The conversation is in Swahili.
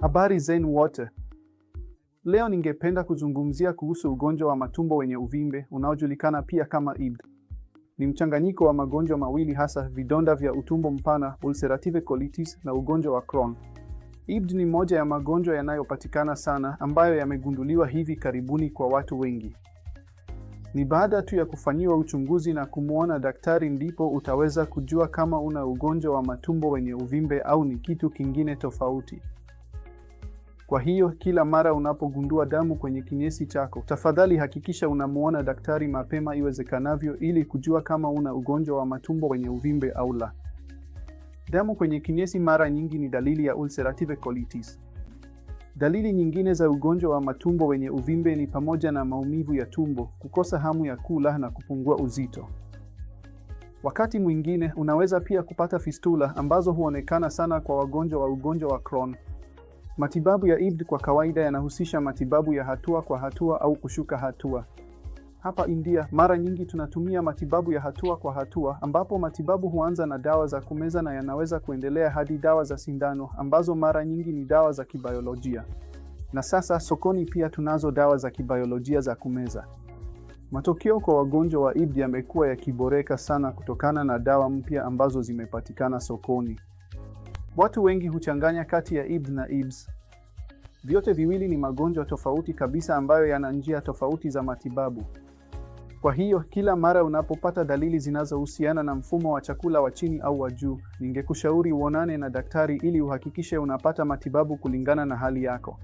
Habari zenu wote. Leo ningependa kuzungumzia kuhusu ugonjwa wa matumbo wenye uvimbe unaojulikana pia kama IBD. Ni mchanganyiko wa magonjwa mawili hasa vidonda vya utumbo mpana ulcerative colitis na ugonjwa wa Crohn. IBD ni moja ya magonjwa yanayopatikana sana ambayo yamegunduliwa hivi karibuni kwa watu wengi. Ni baada tu ya kufanyiwa uchunguzi na kumwona daktari ndipo utaweza kujua kama una ugonjwa wa matumbo wenye uvimbe au ni kitu kingine tofauti. Kwa hiyo kila mara unapogundua damu kwenye kinyesi chako, tafadhali hakikisha unamwona daktari mapema iwezekanavyo ili kujua kama una ugonjwa wa matumbo wenye uvimbe au la. Damu kwenye kinyesi mara nyingi ni dalili ya ulcerative colitis. Dalili nyingine za ugonjwa wa matumbo wenye uvimbe ni pamoja na maumivu ya tumbo, kukosa hamu ya kula na kupungua uzito. Wakati mwingine unaweza pia kupata fistula ambazo huonekana sana kwa wagonjwa wa ugonjwa wa Crohn. Matibabu ya IBD kwa kawaida yanahusisha matibabu ya hatua kwa hatua au kushuka hatua. Hapa India, mara nyingi tunatumia matibabu ya hatua kwa hatua ambapo matibabu huanza na dawa za kumeza na yanaweza kuendelea hadi dawa za sindano ambazo mara nyingi ni dawa za kibayolojia. Na sasa sokoni pia tunazo dawa za kibayolojia za kumeza. Matokeo kwa wagonjwa wa IBD yamekuwa yakiboreka sana kutokana na dawa mpya ambazo zimepatikana sokoni. Watu wengi huchanganya kati ya IBS na IBS. Vyote viwili ni magonjwa tofauti kabisa ambayo yana njia tofauti za matibabu. Kwa hiyo kila mara unapopata dalili zinazohusiana na mfumo wa chakula wa chini au wa juu, ningekushauri uonane na daktari ili uhakikishe unapata matibabu kulingana na hali yako.